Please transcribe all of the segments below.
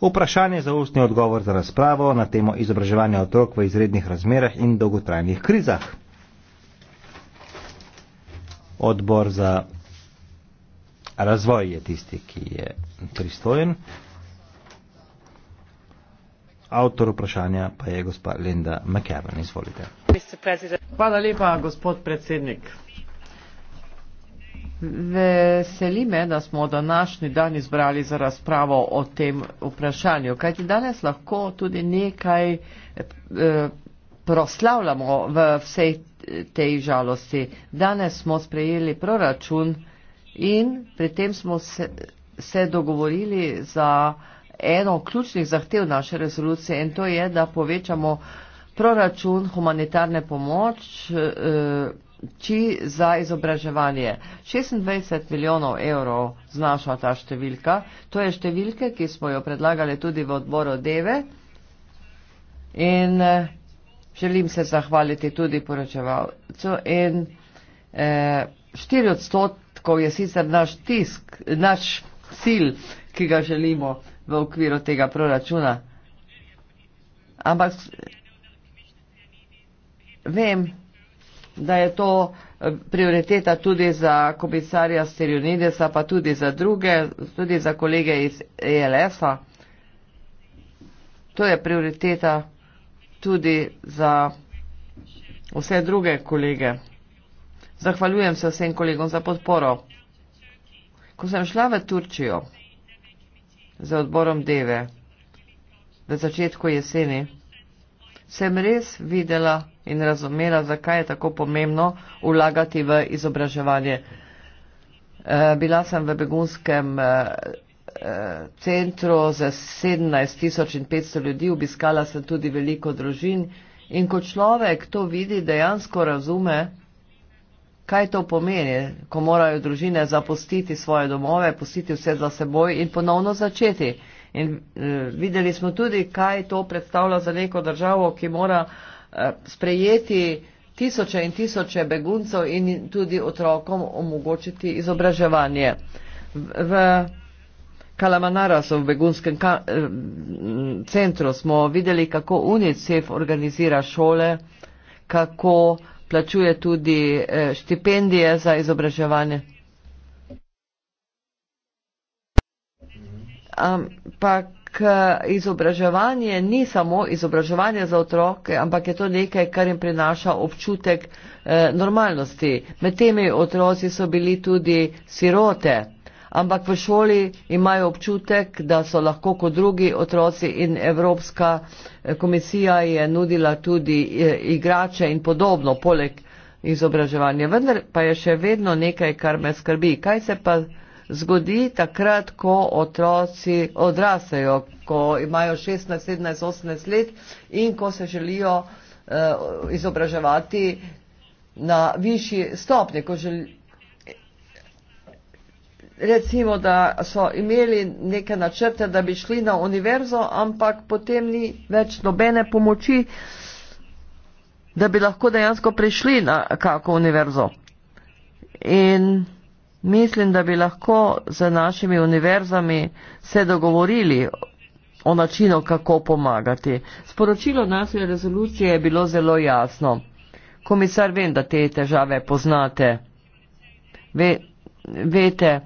Vprašanje za ustni odgovor za razpravo na temo izobraževanja otrok v izrednih razmerah in dolgotrajnih krizah. Odbor za razvoj je tisti, ki je pristojen. Avtor vprašanja pa je gospa Linda McCarran. Izvolite. Hvala lepa, gospod predsednik. Veseli me, da smo današnji dan izbrali za razpravo o tem vprašanju, kajti danes lahko tudi nekaj eh, proslavljamo v vsej tej žalosti. Danes smo sprejeli proračun in pri tem smo se, se dogovorili za eno ključnih zahtev naše rezolucije in to je, da povečamo proračun humanitarne pomoč. Eh, Či za izobraževanje. 26 milijonov evrov znaša ta številka. To je številke, ki smo jo predlagali tudi v odboru Deve. In eh, želim se zahvaliti tudi poročevalcu. In eh, 4 odstotkov je sicer naš tisk, naš cilj, ki ga želimo v okviru tega proračuna. Ampak vem, da je to eh, prioriteta tudi za komisarja Sterionidesa, pa tudi za druge, tudi za kolege iz ELS-a. To je prioriteta tudi za vse druge kolege. Zahvaljujem se vsem kolegom za podporo. Ko sem šla v Turčijo za odborom Deve v začetku jeseni, sem res videla, in razumela, zakaj je tako pomembno vlagati v izobraževanje. Eh, bila sem v begunskem eh, eh, centru za 17 tisoč in 500 ljudi, obiskala sem tudi veliko družin in ko človek to vidi, dejansko razume, kaj to pomeni, ko morajo družine zapustiti svoje domove, pustiti vse za seboj in ponovno začeti. In videli smo tudi, kaj to predstavlja za neko državo, ki mora uh, Eh, sprejeti tisoče in tisoče beguncev in tudi otrokom omogočiti izobraževanje. V Kalamanarasu, v begunskem eh, centru, smo videli, kako UNICEF organizira šole, kako plačuje tudi eh, štipendije za izobraževanje. Ampak izobraževanje ni samo izobraževanje za otroke, ampak je to nekaj, kar jim prinaša občutek eh, normalnosti. Med temi otroci so bili tudi sirote, ampak v šoli imajo občutek, da so lahko kot drugi otroci in Evropska eh, komisija je nudila tudi eh, igrače in podobno, poleg izobraževanja. Vendar pa je še vedno nekaj, kar me skrbi. Kaj se pa zgodi takrat, ko otroci odrasejo, ko imajo 16, 17, 18 let in ko se želijo uh, izobraževati na višji stopni. Recimo, da so imeli neke načrte, da bi šli na univerzo, ampak potem ni več nobene pomoči, da bi lahko dejansko prišli na kako univerzo. In Mislim, da bi lahko z našimi univerzami se dogovorili o načinu, kako pomagati. Sporočilo naše rezolucije je bilo zelo jasno. Komisar, vem, da te težave poznate. Ve, vete,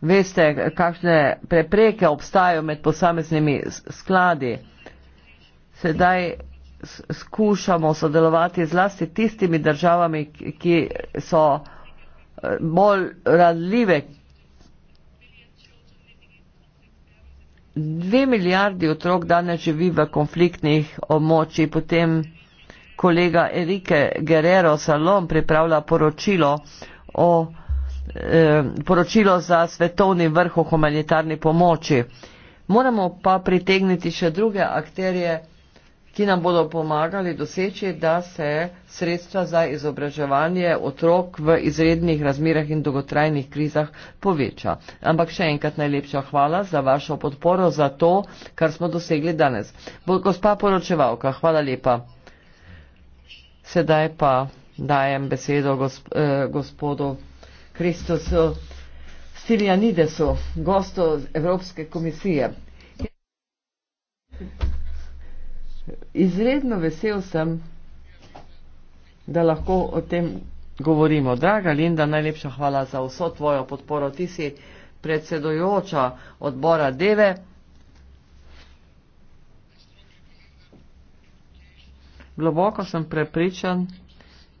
veste, kakšne prepreke obstajajo med posameznimi skladi. Sedaj skušamo sodelovati zlasti tistimi državami, ki so bolj radljive. Dve milijardi otrok danes živi v konfliktnih območji, potem kolega Erike Guerrero Salom pripravlja poročilo, o, eh, poročilo za svetovni vrh o humanitarni pomoči. Moramo pa pritegniti še druge akterje ki nam bodo pomagali doseči, da se sredstva za izobraževanje otrok v izrednih razmerah in dolgotrajnih krizah poveča. Ampak še enkrat najlepša hvala za vašo podporo, za to, kar smo dosegli danes. Gospa poročevalka, hvala lepa. Sedaj pa dajem besedo gosp eh, gospodu Kristusu Stilianidesu, gostu Evropske komisije. Thank you. Izredno vesel sem, da lahko o tem govorimo. Draga Linda, najlepša hvala za vso tvojo podporo. Ti si predsedojoča odbora Deve. Globoko sem prepričan,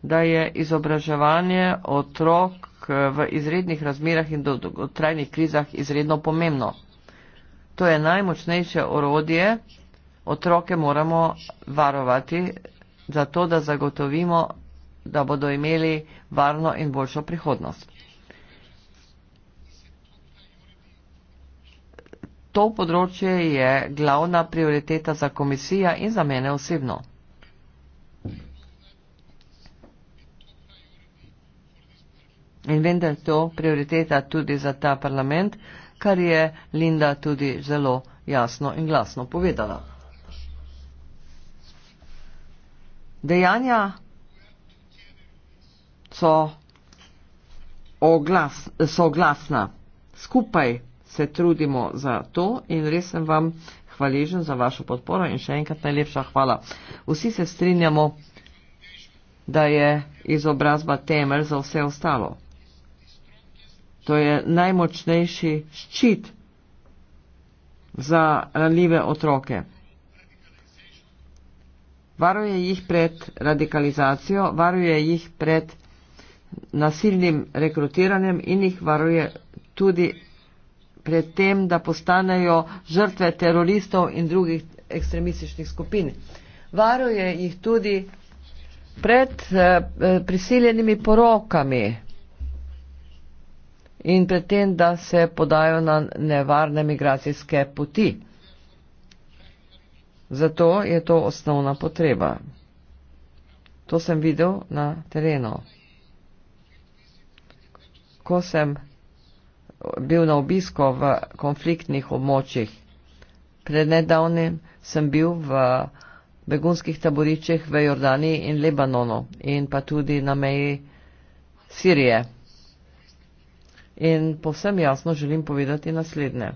da je izobraževanje otrok eh, v izrednih razmerah in dolgotrajnih krizah izredno pomembno. To je najmočnejše orodje, otroke moramo varovati, zato da zagotovimo, da bodo imeli varno in boljšo prihodnost. To področje je glavna prioriteta za komisija in za mene osebno. In vem, da je to prioriteta tudi za ta parlament, kar je Linda tudi zelo jasno in glasno povedala. dejanja so, oglas, so glasna. Skupaj se trudimo za to in res sem vam hvaležen za vašo podporo in še enkrat najlepša hvala. Vsi se strinjamo, da je izobrazba temelj za vse ostalo. To je najmočnejši ščit za ranljive otroke varuje jih pred radikalizacijo, varuje jih pred nasilnim rekrutiranjem in jih varuje tudi pred tem, da postanejo žrtve teroristov in drugih ekstremističnih skupin. Varuje jih tudi pred eh, eh prisiljenimi porokami in pred tem, da se podajo na nevarne migracijske poti. Zato je to osnovna potreba. To sem videl na terenu. Ko sem bil na obisko v konfliktnih območjih, pred nedavnim sem bil v begunskih taboriščih v Jordaniji in Lebanonu in pa tudi na meji Sirije. In povsem jasno želim povedati naslednje.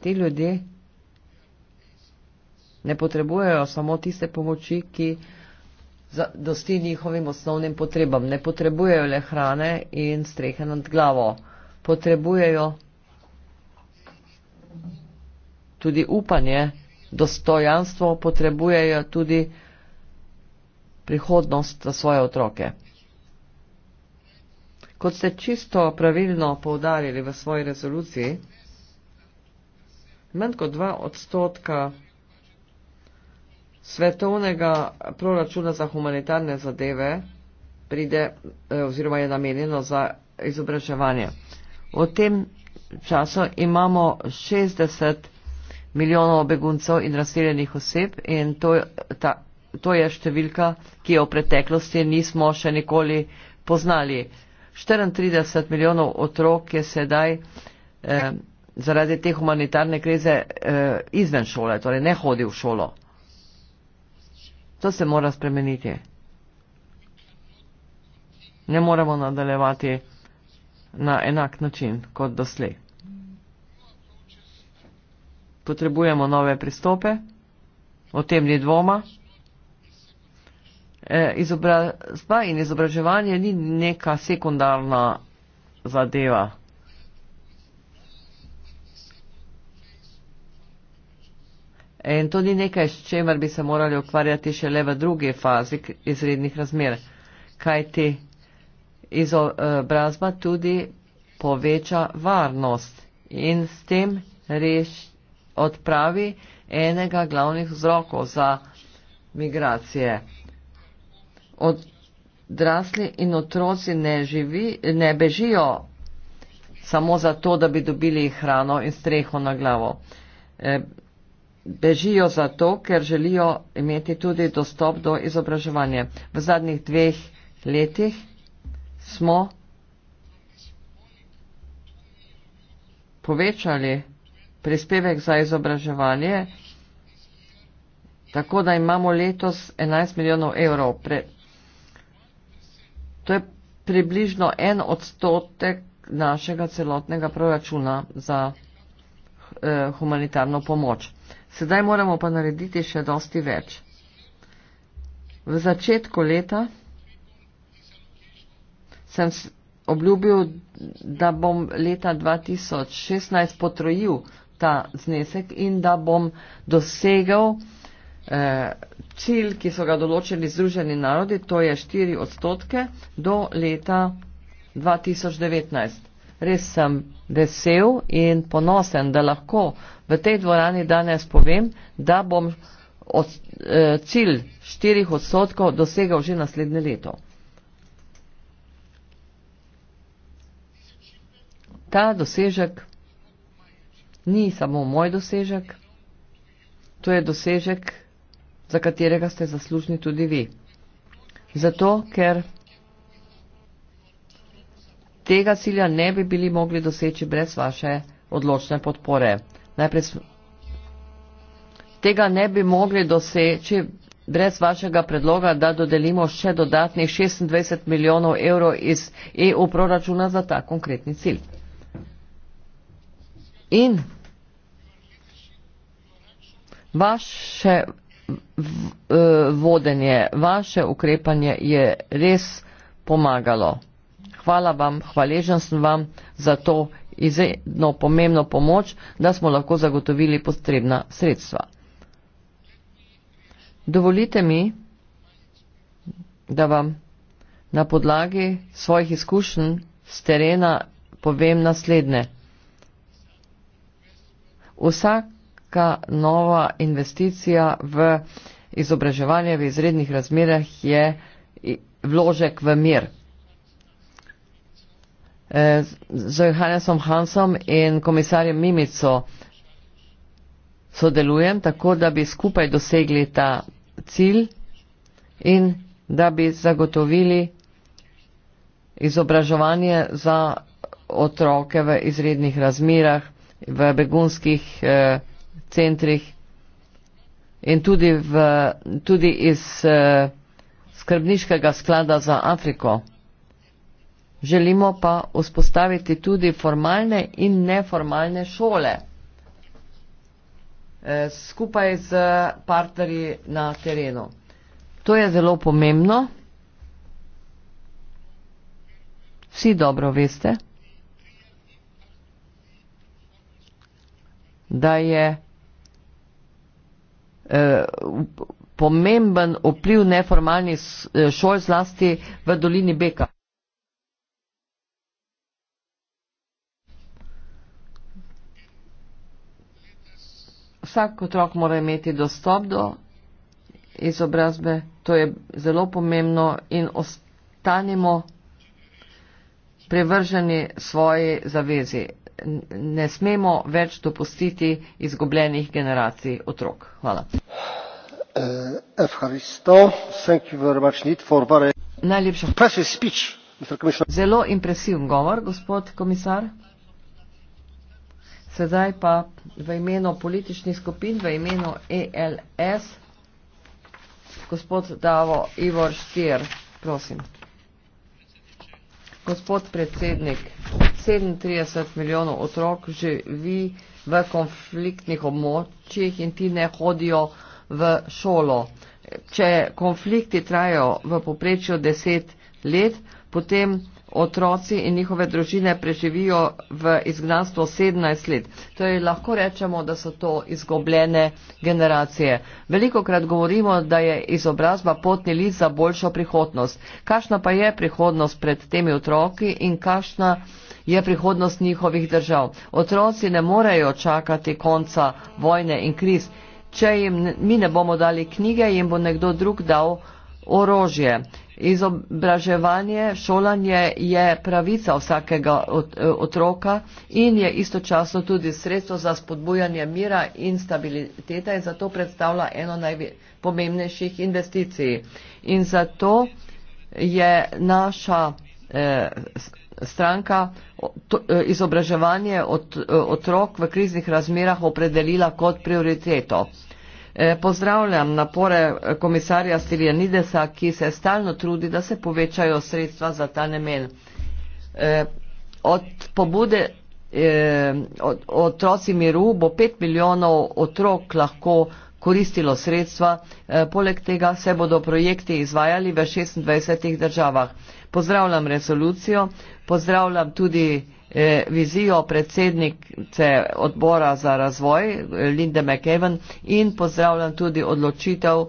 ti ljudje ne potrebujejo samo tiste pomoči, ki dosti njihovim osnovnim potrebam. Ne potrebujejo le hrane in strehe nad glavo. Potrebujejo tudi upanje, dostojanstvo, potrebujejo tudi prihodnost za svoje otroke. Kot ste čisto pravilno poudarili v svoji rezoluciji, manj kot dva odstotka svetovnega proračuna za humanitarne zadeve pride e, oziroma je namenjeno za izobraževanje. V tem času imamo 60 milijonov beguncev in razseljenih oseb in to, ta, to je številka, ki jo v preteklosti nismo še nikoli poznali. 34 milijonov otrok je sedaj eh, zaradi te humanitarne krize eh, izven šole, torej ne hodi v šolo. To se mora spremeniti. Ne moremo nadaljevati na enak način kot doslej. Potrebujemo nove pristope, o tem ni dvoma. E, eh, izobra, in izobraževanje ni neka sekundarna zadeva. in to ni nekaj, s čemer bi se morali ukvarjati še le v drugi fazi izrednih razmer, kajti izobrazba tudi poveča varnost in s tem reš odpravi enega glavnih vzrokov za migracije. Odrasli in otroci ne, živi, ne bežijo samo zato, da bi dobili hrano in streho na glavo. Eh, bežijo zato, ker želijo imeti tudi dostop do izobraževanja. V zadnjih dveh letih smo povečali prispevek za izobraževanje, tako da imamo letos 11 milijonov evrov. Pre... To je približno en odstotek našega celotnega proračuna za eh, humanitarno pomoč. Sedaj moramo pa narediti še dosti več. V začetku leta sem obljubil, da bom leta 2016 potrojil ta znesek in da bom dosegel eh, cilj, ki so ga določili Združeni narodi, to je 4 odstotke do leta 2019 res sem vesel in ponosen, da lahko v tej dvorani danes povem, da bom od, eh, cilj 4 odstotkov dosegal že naslednje leto. Ta dosežek ni samo moj dosežek, to je dosežek, za katerega ste zaslužni tudi vi. Zato, ker Tega cilja ne bi bili mogli doseči brez vaše odločne podpore. Najprej Tega ne bi mogli doseči brez vašega predloga, da dodelimo še dodatnih 26 milijonov evrov iz EU proračuna za ta konkretni cilj. In vaše eh, vodenje, vaše ukrepanje je res pomagalo hvala vam, hvaležen sem vam za to izredno pomembno pomoč, da smo lahko zagotovili potrebna sredstva. Dovolite mi, da vam na podlagi svojih izkušenj z terena povem naslednje. Vsaka nova investicija v izobraževanje v izrednih razmerah je vložek v mir. Eh, z Johannesom Hansom in komisarjem Mimico sodelujem, tako da bi skupaj dosegli ta cilj in da bi zagotovili izobraževanje za otroke v izrednih razmirah, v begunskih eh, centrih in tudi, v, tudi iz eh, skrbniškega sklada za Afriko. Želimo pa vzpostaviti tudi formalne in neformalne šole eh, skupaj z partnerji na terenu. To je zelo pomembno. Vsi dobro veste, da je eh, pomemben vpliv neformalnih eh, šol zlasti v dolini Beka. vsak otrok mora imeti dostop do izobrazbe, to je zelo pomembno in ostanimo privrženi svoji zavezi. Ne smemo več dopustiti izgubljenih generacij otrok. Hvala. Eh, Najlepša. Zelo impresiven govor, gospod komisar. Sedaj pa v imenu političnih skupin, v imenu ELS, gospod Davo Ivor Štir, prosim. Gospod predsednik, 37 milijonov otrok živi v konfliktnih območjih in ti ne hodijo v šolo. Če konflikti trajajo v poprečju 10 let, potem otroci in njihove družine preživijo v izgnanstvo 17 let. To torej, je lahko rečemo, da so to izgubljene generacije. Veliko krat govorimo, da je izobrazba potni list za boljšo prihodnost. Kakšna pa je prihodnost pred temi otroki in kakšna je prihodnost njihovih držav? Otroci ne morejo čakati konca vojne in kriz. Če jim mi ne bomo dali knjige, jim bo nekdo drug dal orožje. Izobraževanje, šolanje je pravica vsakega otroka in je istočasno tudi sredstvo za spodbujanje mira in stabilitete in zato predstavlja eno najpomembnejših investicij. In zato je naša eh, stranka eh, izobraževanje otrok v kriznih razmerah opredelila kot prioriteto. E, pozdravljam napore komisarja Stiljanidesa, ki se stalno trudi, da se povečajo sredstva za ta namen. E, od pobude e, otroci miru bo 5 milijonov otrok lahko koristilo sredstva, poleg tega se bodo projekti izvajali v 26 državah. Pozdravljam resolucijo, pozdravljam tudi Eh, vizijo predsednice odbora za razvoj eh, Linde McEwen in pozdravljam tudi odločitev,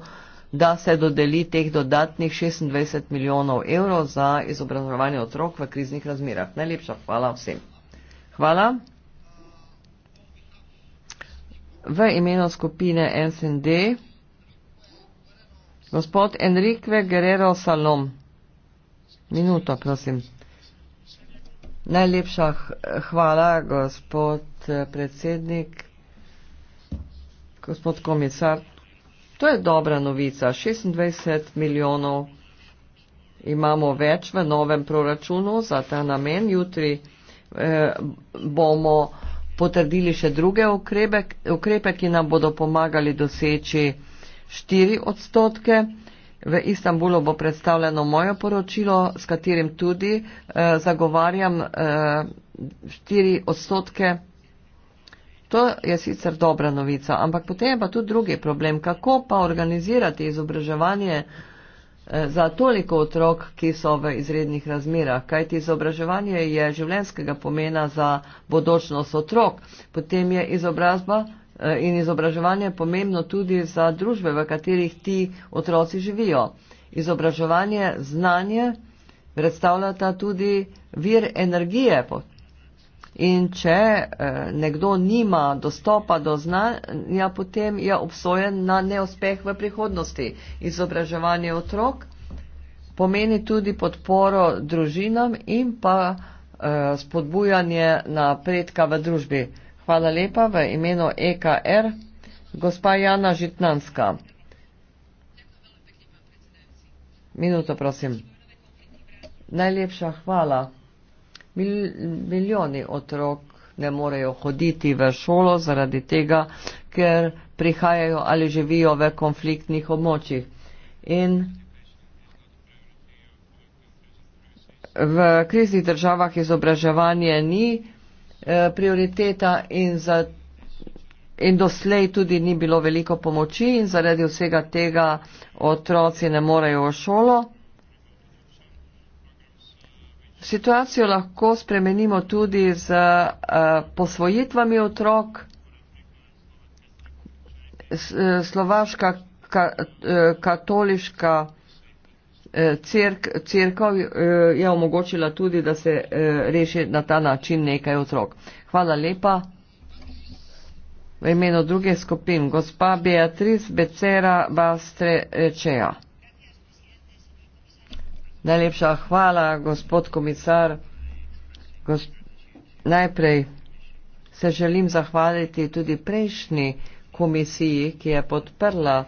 da se dodeli teh dodatnih 26 milijonov evrov za izobraževanje otrok v kriznih razmerah. Najlepša hvala vsem. Hvala. V imenu skupine SND gospod Enrique Guerrero Salom. Minuto, prosim. Najlepša hvala, gospod eh, predsednik, gospod komisar. To je dobra novica. 26 milijonov imamo več v novem proračunu za ta namen. Jutri eh, bomo potrdili še druge ukrepe, ukrepe, ki nam bodo pomagali doseči 4 odstotke. Eh, V Istanbulu bo predstavljeno moje poročilo, s katerim tudi eh, zagovarjam eh, 4 odstotke. To je sicer dobra novica, ampak potem je pa tudi drugi problem, kako pa organizirati izobraževanje eh, za toliko otrok, ki so v izrednih razmerah. Kajti izobraževanje je življenskega pomena za bodočnost otrok, potem je izobrazba Eh, in izobraževanje je pomembno tudi za družbe, v katerih ti otroci živijo. Izobraževanje, znanje predstavljata tudi vir energije. In če eh, nekdo nima dostopa do znanja, potem je obsojen na neuspeh v prihodnosti. Izobraževanje otrok pomeni tudi podporo družinam in pa eh, spodbujanje napredka v družbi. Hvala lepa v imenu EKR. Gospa Jana Žitnanska. Minuto, prosim. Najlepša hvala. Mil, milijoni otrok ne morejo hoditi v šolo zaradi tega, ker prihajajo ali živijo v konfliktnih območjih. In v kriznih državah izobraževanje ni Eh, prioriteta in, za, in doslej tudi ni bilo veliko pomoči in zaradi vsega tega otroci ne morejo v šolo. Situacijo lahko spremenimo tudi z uh, posvojitvami otrok. Eh, Slovaška ka, katoliška Eh, cerk, cerkov eh, je omogočila tudi, da se eh, reši na ta način nekaj otrok. Hvala lepa. V imenu druge skupin, gospa Beatriz Becera Bastre Rečeja. Najlepša hvala, gospod komisar. Gosp najprej se želim zahvaliti tudi prejšnji komisiji, ki je podprla.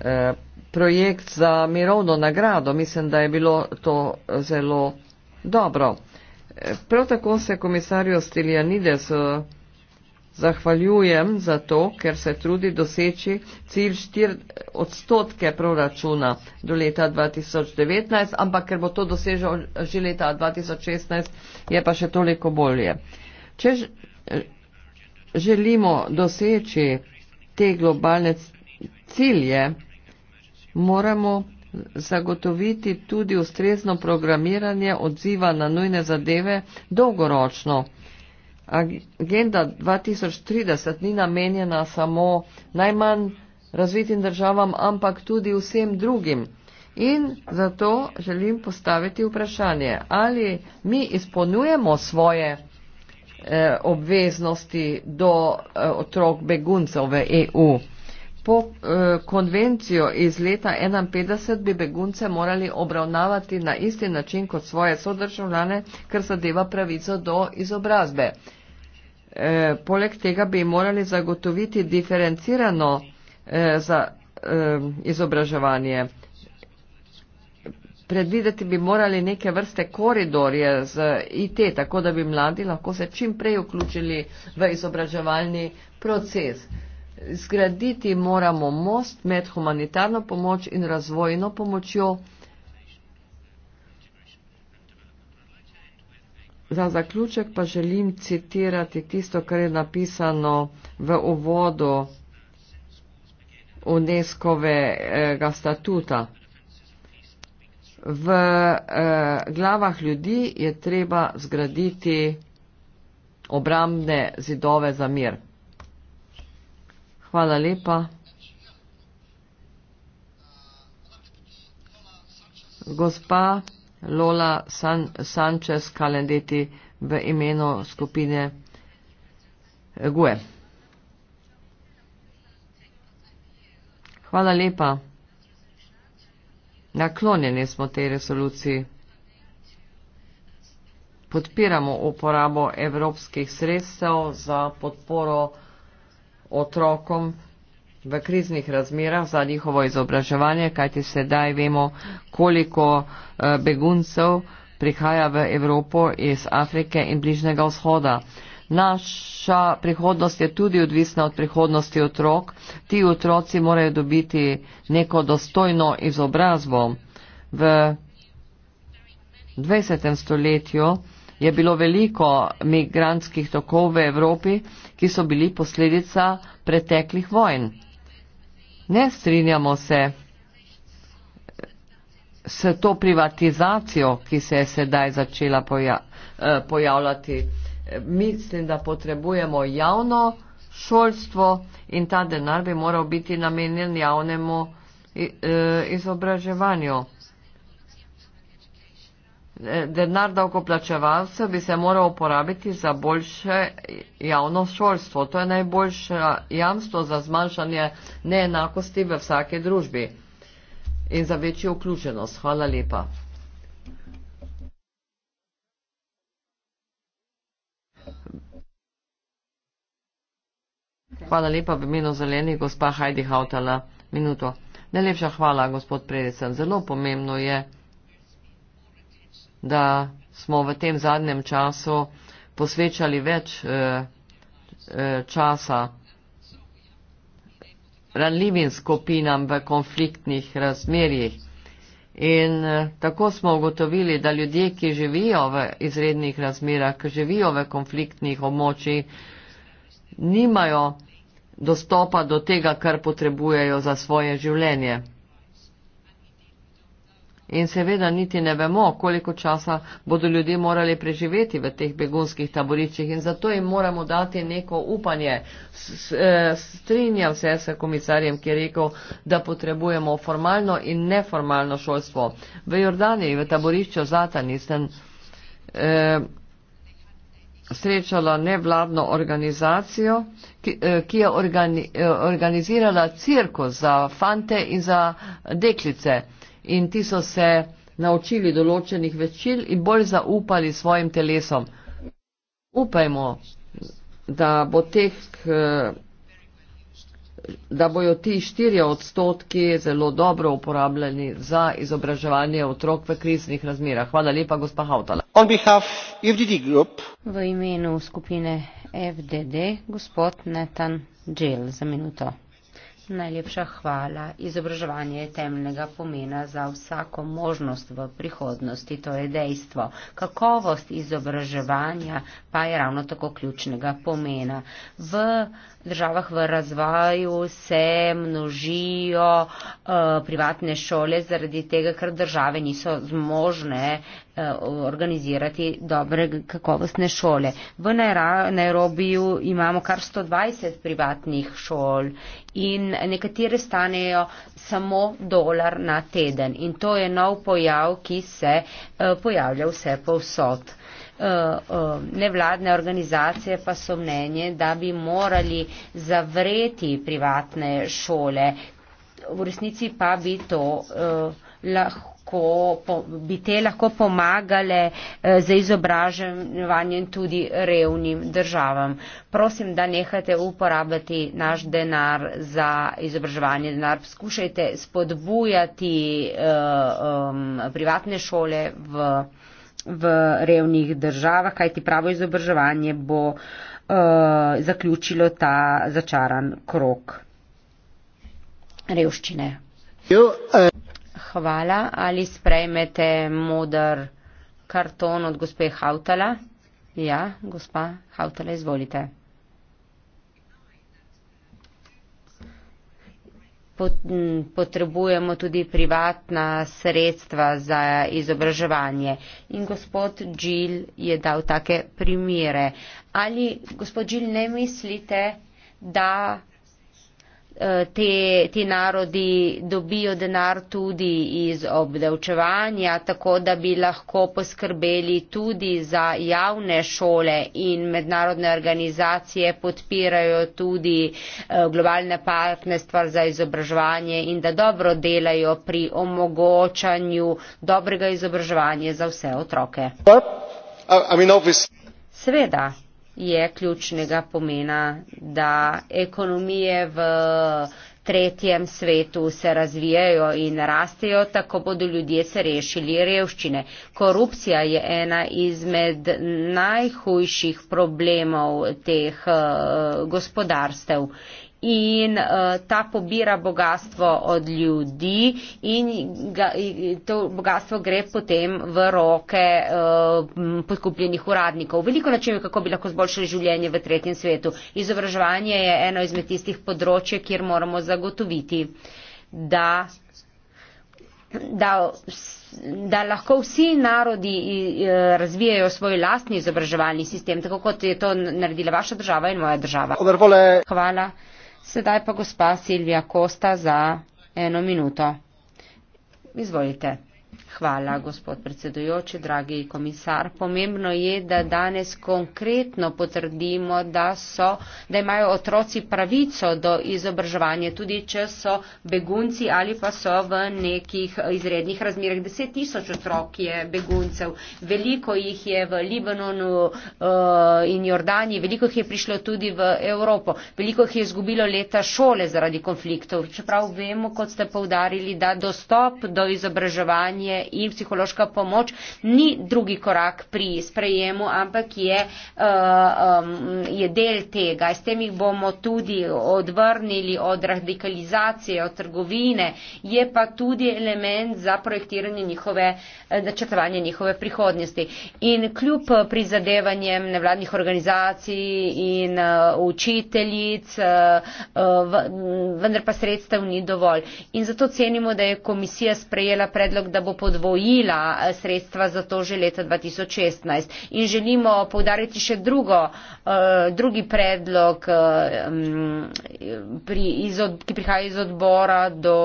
Eh, projekt za mirovno nagrado. Mislim, da je bilo to zelo dobro. Prav tako se komisarju Stiljanides eh, zahvaljujem za to, ker se trudi doseči cilj 4 odstotke proračuna do leta 2019, ampak ker bo to dosežel že leta 2016, je pa še toliko bolje. Če eh, želimo doseči te globalne cilje, moramo zagotoviti tudi ustrezno programiranje odziva na nujne zadeve dolgoročno. Agenda 2030 ni namenjena samo najmanj razvitim državam, ampak tudi vsem drugim. In zato želim postaviti vprašanje, ali mi izpolnjujemo svoje eh, obveznosti do eh, otrok beguncev v EU. Po eh, konvencijo iz leta 1951 bi begunce morali obravnavati na isti način kot svoje sodržavljane, ker zadeva pravico do izobrazbe. Eh, poleg tega bi morali zagotoviti diferencirano eh, za, eh, izobraževanje. Predvideti bi morali neke vrste koridorje z IT, tako da bi mladi lahko se čim prej vključili v izobraževalni proces. Eh, zgraditi moramo most med humanitarno pomoč in razvojno pomočjo. Za zaključek pa želim citirati tisto, kar je napisano v uvodu UNESCO-vega statuta. V eh, glavah ljudi je treba zgraditi obrambne zidove za mir. Hvala lepa. Gospa Lola San Sanchez Kalendeti v imenu skupine eh, GUE. Hvala lepa. Naklonjeni smo tej resoluciji. Podpiramo uporabo evropskih sredstev za podporo otrokom v kriznih razmerah za njihovo izobraževanje, kajti sedaj vemo, koliko eh, beguncev prihaja v Evropo iz Afrike in Bližnjega vzhoda. Naša prihodnost je tudi odvisna od prihodnosti otrok. Ti otroci morajo dobiti neko dostojno izobrazbo. V 20. stoletju je bilo veliko migrantskih tokov v Evropi, ki so bili posledica preteklih vojn. Ne strinjamo se s to privatizacijo, ki se je sedaj začela poja eh, pojavljati. Mislim, da potrebujemo javno šolstvo in ta denar bi moral biti namenjen javnemu eh, izobraževanju. Eh, denar davkoplačevalcev bi se moral uporabiti za boljše javno šolstvo. To je najboljše jamstvo za zmanjšanje neenakosti v vsake družbi in za večjo vključenost. Hvala lepa. Hvala lepa v imenu zelenih, gospa Heidi Hautala. Minuto. Najlepša hvala, gospod Predesen. Zelo pomembno je da smo v tem zadnjem času posvečali več eh, eh, časa ranljivim skupinam v konfliktnih razmerjih. In eh, tako smo ugotovili, da ljudje, ki živijo v izrednih razmerah, ki živijo v konfliktnih območjih, nimajo dostopa do tega, kar potrebujejo za svoje življenje. In seveda niti ne vemo, koliko časa bodo ljudje morali preživeti v teh begunskih taboriščih in zato jim moramo dati neko upanje. S, s, e, strinjam se s komisarjem, ki je rekel, da potrebujemo formalno in neformalno šolstvo. V Jordaniji, v taborišču Zatani sem eh, srečala nevladno organizacijo, ki, eh, ki je organi, eh, organizirala cirko za fante in za deklice in ti so se naučili določenih večil in bolj zaupali svojim telesom. Upajmo, da bo teh, eh, da bojo ti štirje odstotki zelo dobro uporabljeni za izobraževanje otrok v kriznih razmerah. Hvala lepa, gospa Hautala. Group, v imenu skupine FDD, gospod Netan Džel, za minuto. Najlepša hvala. Izobraževanje je temeljnega pomena za vsako možnost v prihodnosti, to je dejstvo. Kakovost izobraževanja pa je ravno tako ključnega pomena. V državah v razvoju se množijo uh, privatne šole zaradi tega, ker države niso zmožne uh, organizirati dobre kakovostne šole. V Nairobiju imamo kar 120 privatnih šol in nekatere stanejo samo dolar na teden in to je nov pojav, ki se uh, pojavlja vse povsod. Uh, Eh, eh, nevladne organizacije pa so mnenje, da bi morali zavreti privatne šole. V resnici pa bi to eh, lahko. Ko bi te lahko pomagale za izobraževanje tudi revnim državam. Prosim, da nehate uporabljati naš denar za izobraževanje. Denar. Skušajte spodbujati uh, um, privatne šole v v revnih državah, kajti pravo izobraževanje bo uh, zaključilo ta začaran krok revščine. Hvala. Ali sprejmete modar karton od gospe Hautala? Ja, gospa Hautala, izvolite. potrebujemo tudi privatna sredstva za izobraževanje. In gospod Džil je dal take primere. Ali gospod Džil ne mislite, da Eh, te, ti narodi dobijo denar tudi iz obdavčevanja, tako da bi lahko poskrbeli tudi za javne šole in mednarodne organizacije podpirajo tudi eh, globalne partnerstva za izobraževanje in da dobro delajo pri omogočanju dobrega izobraževanja za vse otroke. Seveda je ključnega pomena, da ekonomije v tretjem svetu se razvijajo in rastejo, tako bodo ljudje se rešili revščine. Korupcija je ena izmed najhujših problemov teh uh, gospodarstev in uh, ta pobira bogatstvo od ljudi in, ga, in to bogatstvo gre potem v roke uh, podkupljenih uradnikov. Veliko načinov, kako bi lahko zboljšali življenje v tretjem svetu. Izobraževanje je eno izmed tistih področje, kjer moramo zagotoviti, da. Da, da lahko vsi narodi eh, razvijajo svoj lastni izobraževalni sistem, tako kot je to naredila vaša država in moja država. Hvala. Sedaj pa gospa Silvija Kosta za eno minuto. Izvolite. Hvala, gospod predsedujoči, dragi komisar. Pomembno je, da danes konkretno potrdimo, da, so, da imajo otroci pravico do izobraževanja, tudi če so begunci ali pa so v nekih izrednih razmerah. Deset tisoč otrok je beguncev, veliko jih je v Libanonu uh, in Jordani, veliko jih je prišlo tudi v Evropo, veliko jih je izgubilo leta šole zaradi konfliktov. Čeprav vemo, kot ste povdarili, da dostop do izobraževanja in psihološka pomoč ni drugi korak pri sprejemu, ampak je, eh, je del tega. S tem jih bomo tudi odvrnili od radikalizacije, od trgovine, je pa tudi element za projektiranje njihove, eh, načrtovanje njihove prihodnosti. In kljub prizadevanjem nevladnih organizacij in eh, učiteljic, vendar pa sredstev ni dovolj. In zato cenimo, da je komisija sprejela predlog, da bo podvržena podvojila eh, sredstva za to že leta 2016. In želimo povdariti še drugo, eh, drugi predlog, eh, ki prihaja iz odbora do,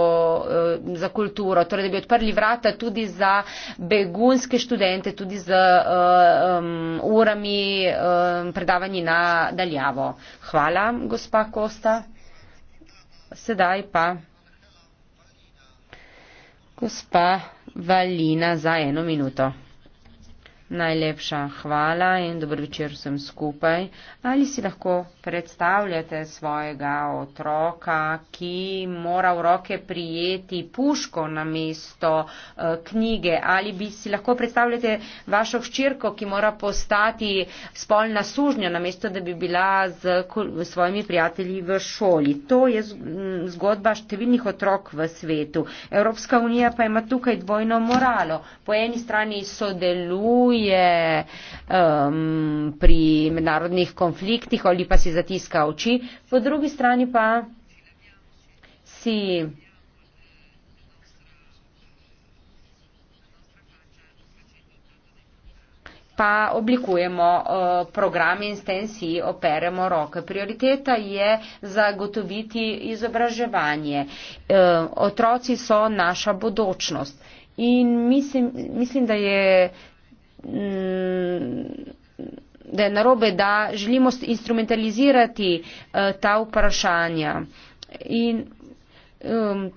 za kulturo, torej da bi odprli vrata tudi za begunske študente, tudi z urami predavanji na daljavo. Hvala, gospa Kosta. Sedaj pa. Gospa Valina za eno minuto. Najlepša hvala in dobro večer vsem skupaj. Ali si lahko predstavljate svojega otroka, ki mora v roke prijeti puško na mesto uh, eh, knjige? Ali bi si lahko predstavljate vašo hčirko, ki mora postati spolna sužnja na mesto, da bi bila z svojimi prijatelji v šoli? To je zgodba številnih otrok v svetu. Evropska unija pa ima tukaj dvojno moralo. Po eni strani sodeluje, je um, pri mednarodnih konfliktih ali pa si zatiska oči, po drugi strani pa si pa oblikujemo uh, program in s tem si operemo roke. Prioriteta je zagotoviti izobraževanje. Uh, otroci so naša bodočnost. In mislim, mislim, da je Mm, da je narobe, da želimo instrumentalizirati eh, ta vprašanja. In um,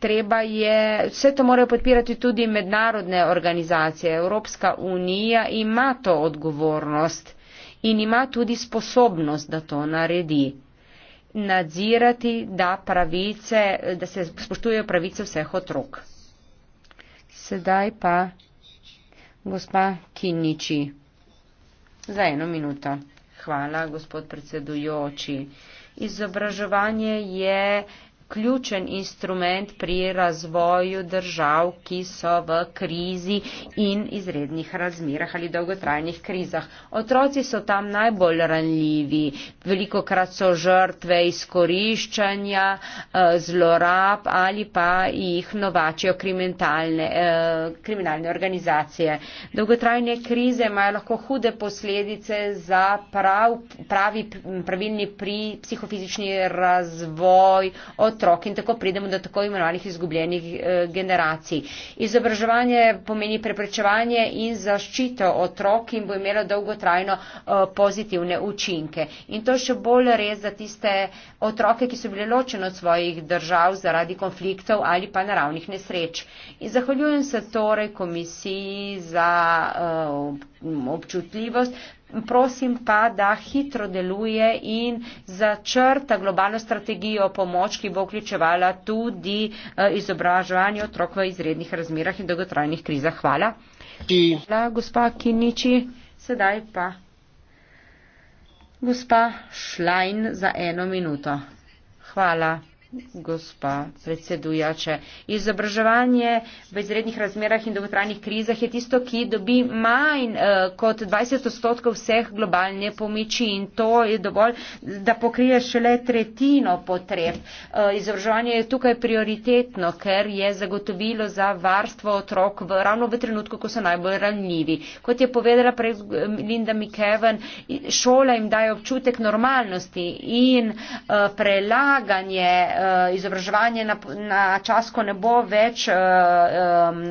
treba je, vse to morajo podpirati tudi mednarodne organizacije. Evropska unija ima to odgovornost in ima tudi sposobnost, da to naredi. Nadzirati, da, pravice, da se spoštujejo pravice vseh otrok. Sedaj pa. Gospa Kiniči, za eno minuto. Hvala, gospod predsedujoči. Izobraževanje je ključen instrument pri razvoju držav, ki so v krizi in izrednih razmerah ali dolgotrajnih krizah. Otroci so tam najbolj ranljivi, veliko krat so žrtve izkoriščanja, eh, zlorab ali pa jih novačijo kriminalne, eh, kriminalne organizacije. Dolgotrajne krize imajo lahko hude posledice za prav, pravi, pravilni pri psihofizični razvoj. Otroci otrok in tako pridemo do tako imenovanih izgubljenih eh, generacij. Izobraževanje pomeni preprečevanje in zaščito otrok in bo imelo dolgotrajno eh, pozitivne učinke. In to še bolj res za tiste otroke, ki so bili ločeni od svojih držav zaradi konfliktov ali pa naravnih nesreč. In zahvaljujem se torej komisiji za eh, občutljivost, prosim pa, da hitro deluje in začrta globalno strategijo pomoč, ki bo vključevala tudi eh, izobraževanje otrok v izrednih razmerah in dolgotrajnih krizah. Hvala. Hvala, gospa Kiniči. Sedaj pa. Gospa Šlajn za eno minuto. Hvala. Gospa predsedujoča, izobraževanje v izrednih razmerah in dolgotrajnih krizah je tisto, ki dobi manj eh, kot 20 odstotkov vseh globalne pomoči in to je dovolj, da pokrije šele tretjino potreb. Eh, izobraževanje je tukaj prioritetno, ker je zagotovilo za varstvo otrok v, ravno v trenutku, ko so najbolj ranljivi. Kot je povedala prej eh, Linda Mikeven, šola jim daje občutek normalnosti in prelaganje Eh, izobraževanje na, na čas, ko ne bo več eh,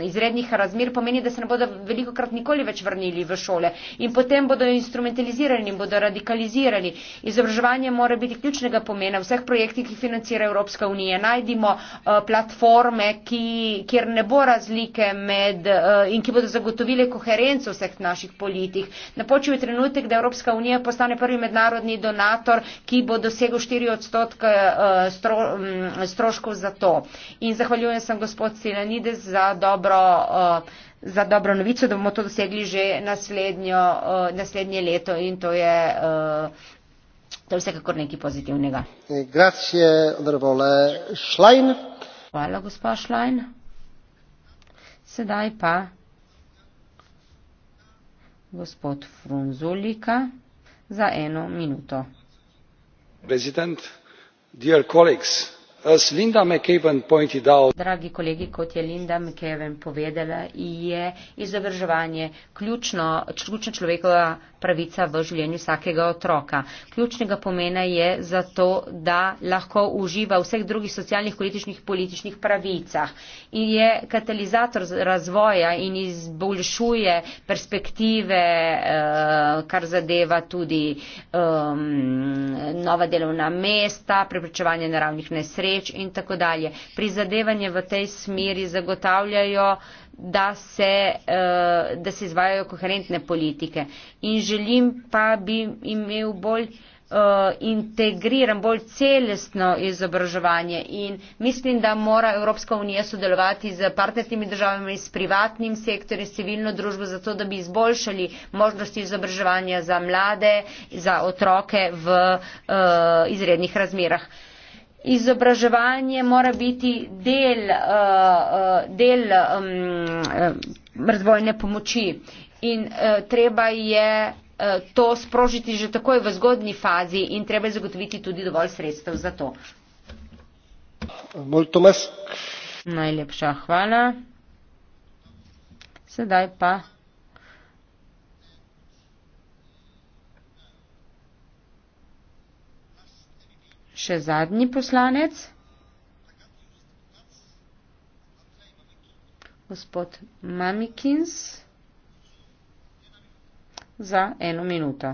izrednih razmir, pomeni, da se ne bodo veliko krat nikoli več vrnili v šole in potem bodo instrumentalizirani, bodo radikalizirani. Izobraževanje mora biti ključnega pomena vseh projektih, ki financira Evropska unija. Najdimo eh, platforme, ki, kjer ne bo razlike med in ki bodo zagotovile koherenco vseh naših politik. Napočil je trenutek, da Evropska unija postane prvi mednarodni donator, ki bo dosegel 4 odstotke stroškov stroškov za to. In zahvaljujem sem gospod Silanides za dobro, za dobro novico, da bomo to dosegli že naslednje leto in to je, to je vsekakor nekaj pozitivnega. Grazie, Hvala, gospod Šlajn. Sedaj pa gospod Frunzulika za eno minuto. Prezident dragi kolegi kot je linda mcavan povedala je izobraževanje ključna človekova pravica in temeljna pravica pravica v življenju vsakega otroka. Ključnega pomena je zato, da lahko uživa v vseh drugih socialnih, političnih, političnih pravicah. In je katalizator razvoja in izboljšuje perspektive, eh, kar zadeva tudi um, nova delovna mesta, preprečevanje naravnih nesreč in tako dalje. Prizadevanje v tej smeri zagotavljajo da se, eh, da se izvajajo koherentne politike. In želim pa bi imel bolj eh, integriran, bolj celestno izobraževanje. In mislim, da mora Evropska unija sodelovati z partnertimi državami, s privatnim sektorjem, s civilno družbo, zato da bi izboljšali možnosti izobraževanja za mlade, za otroke v uh, izrednih razmerah. Uh, izobraževanje mora biti del, eh, eh, del razvojne pomoči in eh, treba je to sprožiti že takoj v zgodni fazi in treba je zagotoviti tudi dovolj sredstev za to. Najlepša hvala. Sedaj pa še zadnji poslanec. Gospod Mamikins za eno minuto.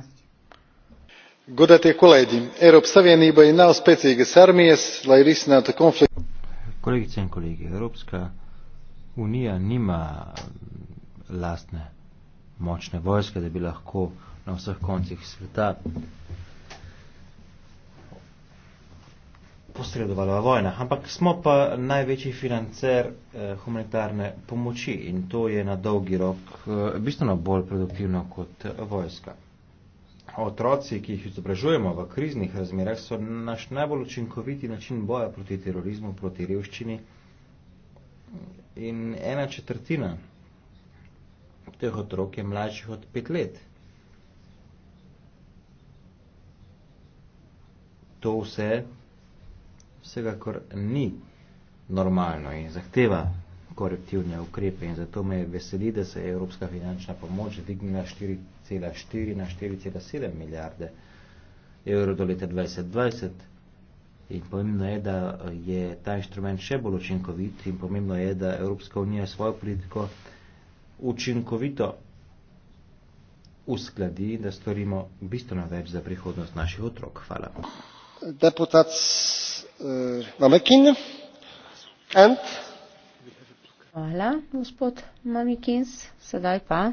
Godate kolegi, Evropska Slovenija bo imela specijalne armije, da bi se nato konflikt. Kolegice in kolegi, Evropska unija nima lastne močne vojske, da bi lahko na vseh koncih sveta posredovali v vojna, ampak smo pa največji financer eh, humanitarne pomoči in to je na dolgi rok eh, bistveno bolj produktivno kot eh, vojska. Otroci, ki jih izobražujemo v kriznih razmerah, so naš najbolj učinkoviti način boja proti terorizmu, proti revščini in ena četrtina teh otrok je mlajših od pet let. To vse vsekakor ni normalno in zahteva korektivne ukrepe in zato me veseli, da se je Evropska finančna pomoč dignila 4,4 na 4,7 milijarde evro do leta 2020 in pomembno je, da je ta inštrument še bolj učinkovit in pomembno je, da Evropska unija svojo politiko učinkovito uskladi, da storimo bistveno več za prihodnost naših otrok. Hvala. Deputac Eh, Hvala, gospod Mamikins. Sedaj pa.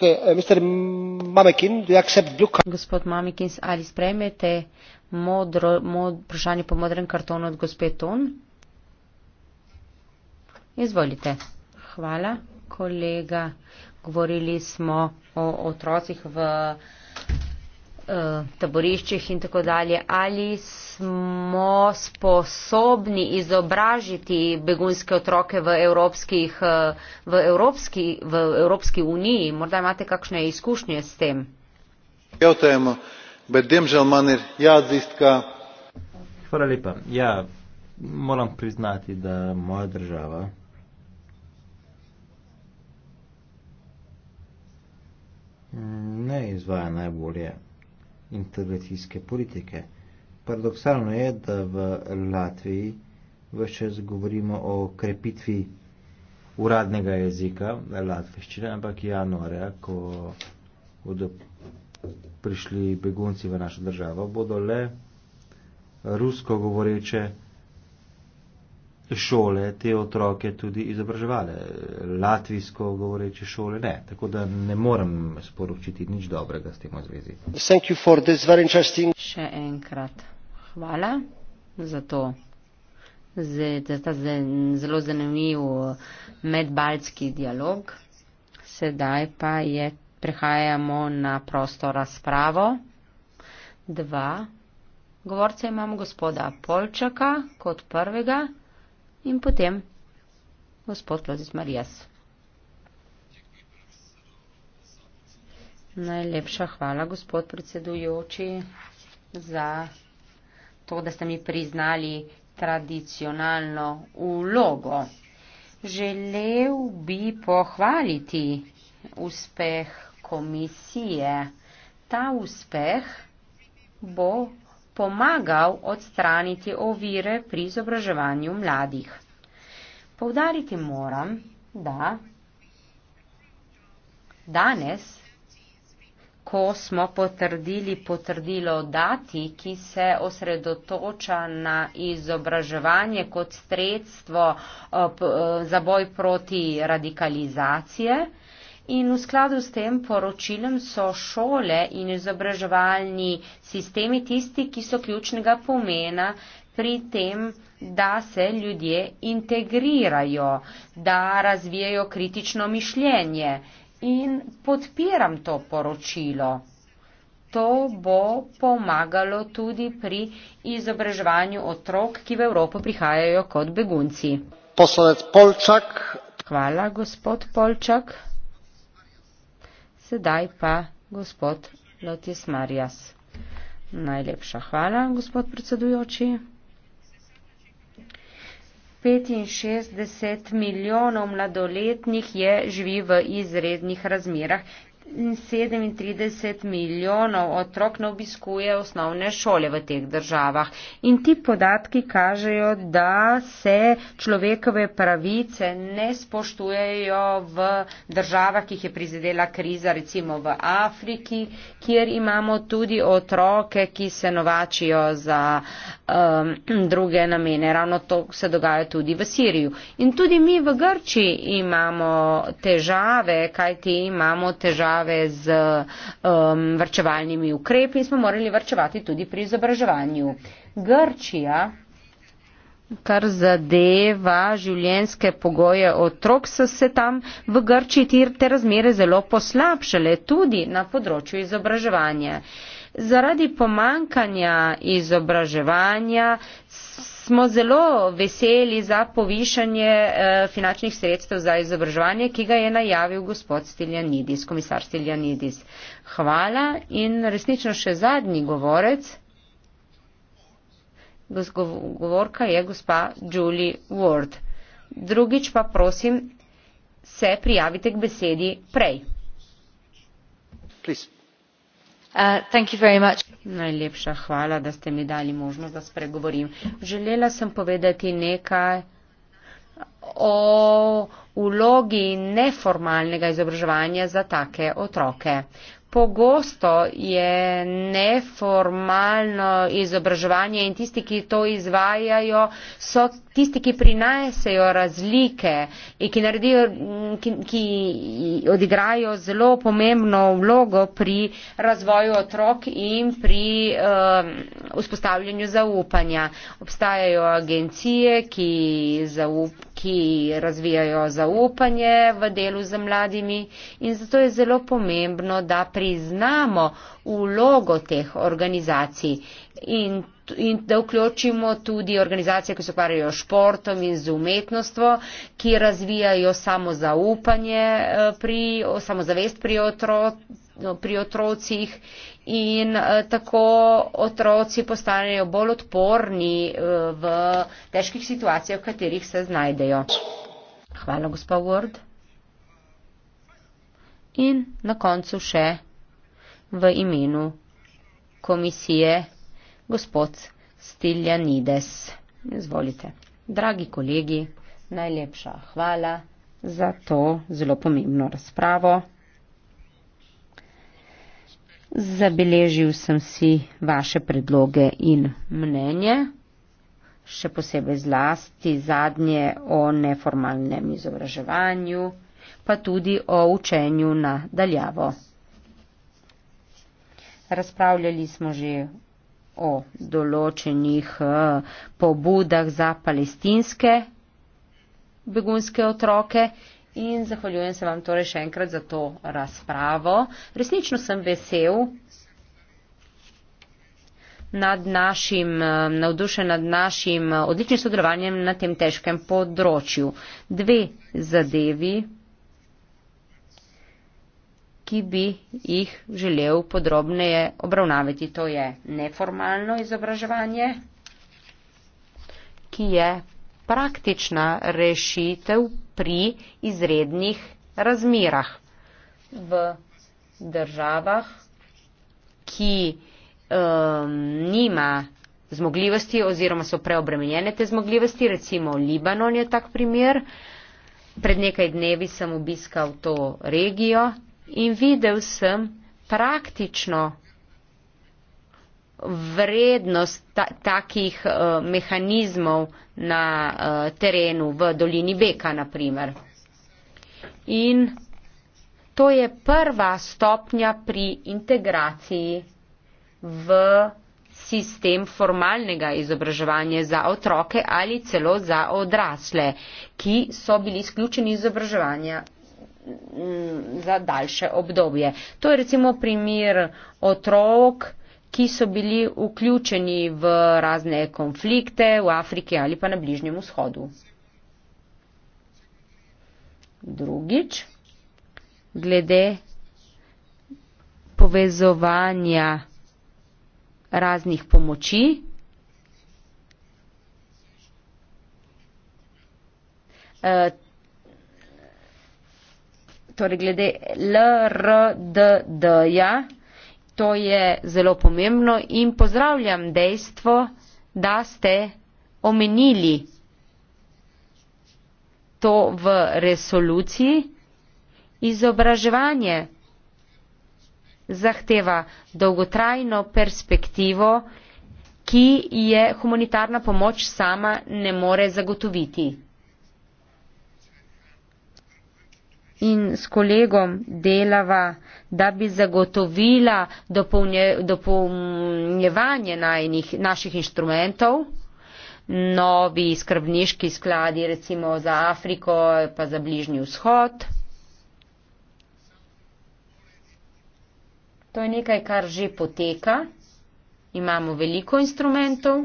Eh, gospod Mamikins, ali sprejmete vprašanje po modrem kartonu od gospe Ton? Izvolite. Hvala, kolega. Govorili smo o otrocih v. Eh, taboriščih in tako dalje, ali smo sposobni izobražiti begunske otroke v, evropskih, eh, v, evropski, v Evropski uniji. Morda imate kakšne izkušnje s tem? Ja, Hvala lepa. Ja, moram priznati, da moja država ne izvaja najbolje integracijske politike. Paradoksalno je, da v Latviji vse čas govorimo o krepitvi uradnega jezika latviščine, ampak januarja, ko bodo prišli begunci v našo državo, bodo le rusko govoreče šole te otroke tudi izobraževale. Latvijsko govoreče šole ne. Tako da ne morem sporočiti nič dobrega s tem v zvezi. Še enkrat hvala za to. Za ta zelo zanimiv medbalski dialog. Sedaj pa je, prehajamo na prosto razpravo. Dva govorca imamo gospoda Polčaka kot prvega in potem gospod Lozis Marijas. Najlepša hvala, gospod predsedujoči, za to, da ste mi priznali tradicionalno ulogo. Želel bi pohvaliti uspeh komisije. Ta uspeh bo pomagal odstraniti ovire pri izobraževanju mladih. Povdariti moram, da danes ko smo potrdili potrdilo dati, ki se osredotoča na izobraževanje kot sredstvo eh, eh, za boj proti radikalizacije, in v skladu s tem poročilem so šole in izobraževalni sistemi tisti, ki so ključnega pomena pri tem, da se ljudje integrirajo, da razvijajo kritično mišljenje in podpiram to poročilo. To bo pomagalo tudi pri izobraževanju otrok, ki v Evropo prihajajo kot begunci. Poslanec Polčak. Hvala, gospod Polčak. Sedaj pa gospod Lotis Marjas. Najlepša hvala, gospod predsedujoči. 65 milijonov mladoletnih je živi v izrednih razmerah 37 milijonov otrok ne obiskuje osnovne šole v teh državah. In ti podatki kažejo, da se človekove pravice ne spoštujejo v državah, ki jih je prizadela kriza, recimo v Afriki, kjer imamo tudi otroke, ki se novačijo za um, druge namene. Ravno to se dogaja tudi v Siriju. In tudi mi v Grči imamo težave, kajti imamo težave države z um, vrčevalnimi ukrepi in smo morali vrčevati tudi pri izobraževanju. Grčija, kar zadeva življenske pogoje otrok, so se tam v Grčiji te razmere zelo poslabšale tudi na področju izobraževanja. Zaradi pomankanja izobraževanja smo zelo veseli za povišanje eh, finančnih sredstev za izobraževanje, ki ga je najavil gospod Stiljanidis, komisar Stiljanidis. Hvala in resnično še zadnji govorec. Govorka je gospa Julie Ward. Drugič pa prosim, se prijavite k besedi prej. Please. Uh, Najlepša hvala, da ste mi dali možnost, da spregovorim. Želela sem povedati nekaj o vlogi neformalnega izobraževanja za take otroke pogosto je neformalno izobraževanje in tisti, ki to izvajajo, so tisti, ki prinesejo razlike in ki, naredijo, ki, ki odigrajo zelo pomembno vlogo pri razvoju otrok in pri um, vzpostavljanju zaupanja. Obstajajo agencije, ki zaup, ki razvijajo zaupanje v delu z mladimi in zato je zelo pomembno, da priznamo ulogo teh organizacij in, in da vključimo tudi organizacije, ki se ukvarjajo s športom in z umetnostvo, ki razvijajo samozaupanje eh, pri, samozavest pri otrocih No, pri otrocih in eh, tako otroci postanejo bolj odporni eh, v težkih situacijah, v katerih se znajdejo. Hvala, gospod Gord. In na koncu še v imenu komisije gospod Stiljanides. Izvolite. Dragi kolegi, najlepša hvala za to zelo pomembno razpravo. Zabeležil sem si vaše predloge in mnenje, še posebej zlasti zadnje o neformalnem izobraževanju, pa tudi o učenju na daljavo. Razpravljali smo že o določenih eh, pobudah za palestinske begunske otroke In zahvaljujem se vam torej še enkrat za to razpravo. Resnično sem vesel nad našim, eh, navdušen nad našim eh, odličnim sodelovanjem na tem težkem področju. Dve zadevi, ki bi jih želel podrobneje obravnaviti, to je neformalno izobraževanje, ki je praktična rešitev pri izrednih razmerah v državah, ki um, nima zmogljivosti oziroma so preobremenjene te zmogljivosti, recimo Libanon je tak primer. Pred nekaj dnevi sem obiskal to regijo in videl sem praktično vrednost ta, takih uh, mehanizmov na uh, terenu v dolini Beka, naprimer. In to je prva stopnja pri integraciji v sistem formalnega izobraževanja za otroke ali celo za odrasle, ki so bili izključeni iz izobraževanja mm, za daljše obdobje. To je recimo primer otrok, ki so bili vključeni v razne konflikte v Afriki ali pa na Bližnjem vzhodu. Drugič, glede povezovanja raznih pomoči. E, torej, glede LRDD-ja, to je zelo pomembno in pozdravljam dejstvo, da ste omenili to v resoluciji. Izobraževanje zahteva dolgotrajno perspektivo, ki je humanitarna pomoč sama ne more zagotoviti. in s kolegom delava, da bi zagotovila dopolnje, dopolnjevanje najnih, naših inštrumentov. Novi skrbniški skladi, recimo za Afriko, pa za Bližnji vzhod. To je nekaj, kar že poteka. Imamo veliko instrumentov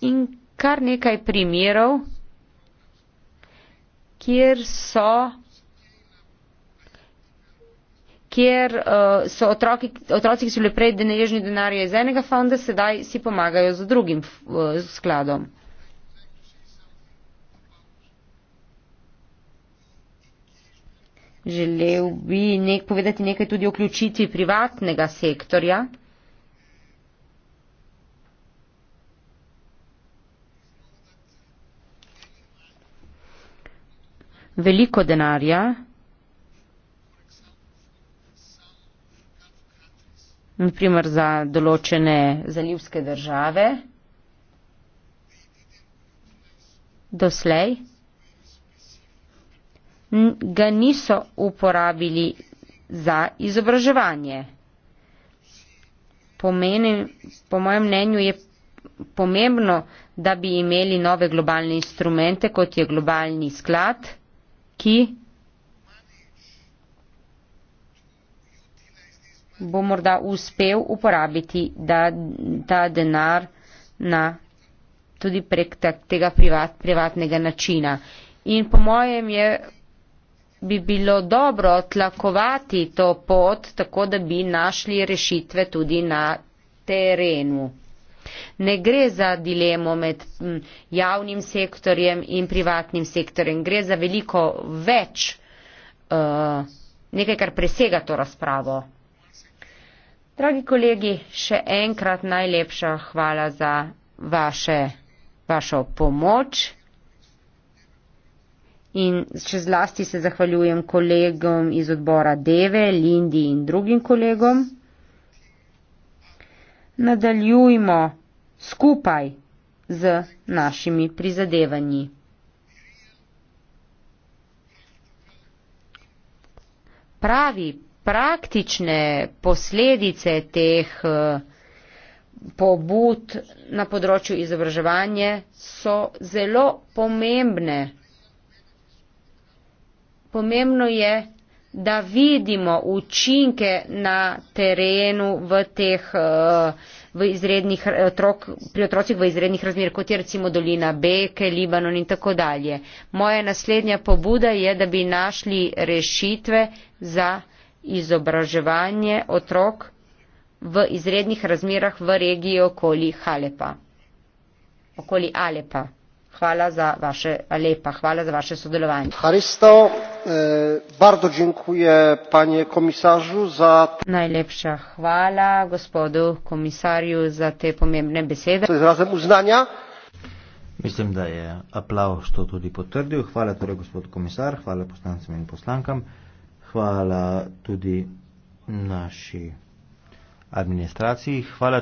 in kar nekaj primerov kjer so, kjer, uh, so otroki, otroci, ki so bili prej deneježni denarja iz enega fonda, sedaj si pomagajo z drugim uh, skladom. Želel bi nek, povedati nekaj tudi o vključitvi privatnega sektorja. veliko denarja, naprimer za določene zalivske države, doslej ga niso uporabili za izobraževanje. Pomeni, po mojem mnenju je pomembno, da bi imeli nove globalne instrumente, kot je globalni sklad ki bo morda uspel uporabiti da, ta denar na, tudi prek tega privat, privatnega načina. In po mojem je, bi bilo dobro tlakovati to pot, tako da bi našli rešitve tudi na terenu. Ne gre za dilemo med javnim sektorjem in privatnim sektorjem, gre za veliko več, e, nekaj, kar presega to razpravo. Dragi kolegi, še enkrat najlepša hvala za vaše, vašo pomoč. In še zlasti se zahvaljujem kolegom iz odbora Deve, Lindi in drugim kolegom nadaljujmo skupaj z našimi prizadevanji. Pravi praktične posledice teh eh, pobud na področju izobraževanja so zelo pomembne. Pomembno je, da vidimo učinke na terenu v teh eh, v izrednih, eh, otrok, pri otrocih v izrednih razmerah, kot je recimo dolina Beke, Libanon in tako dalje. Moja naslednja pobuda je, da bi našli rešitve za izobraževanje otrok v izrednih razmerah v regiji okoli Halepa. Okoli Alepa hvala za vaše lepa hvala za vaše sodelovanje haristo eh, bardzo dziękuję panie komisarzu za najlepša hvala gospodu komisarju za te pomembne besede to je razem uznanja Mislim, da je aplavz to tudi potrdil. Hvala torej, gospod komisar, hvala poslancem in poslankam, hvala tudi naši administraciji, hvala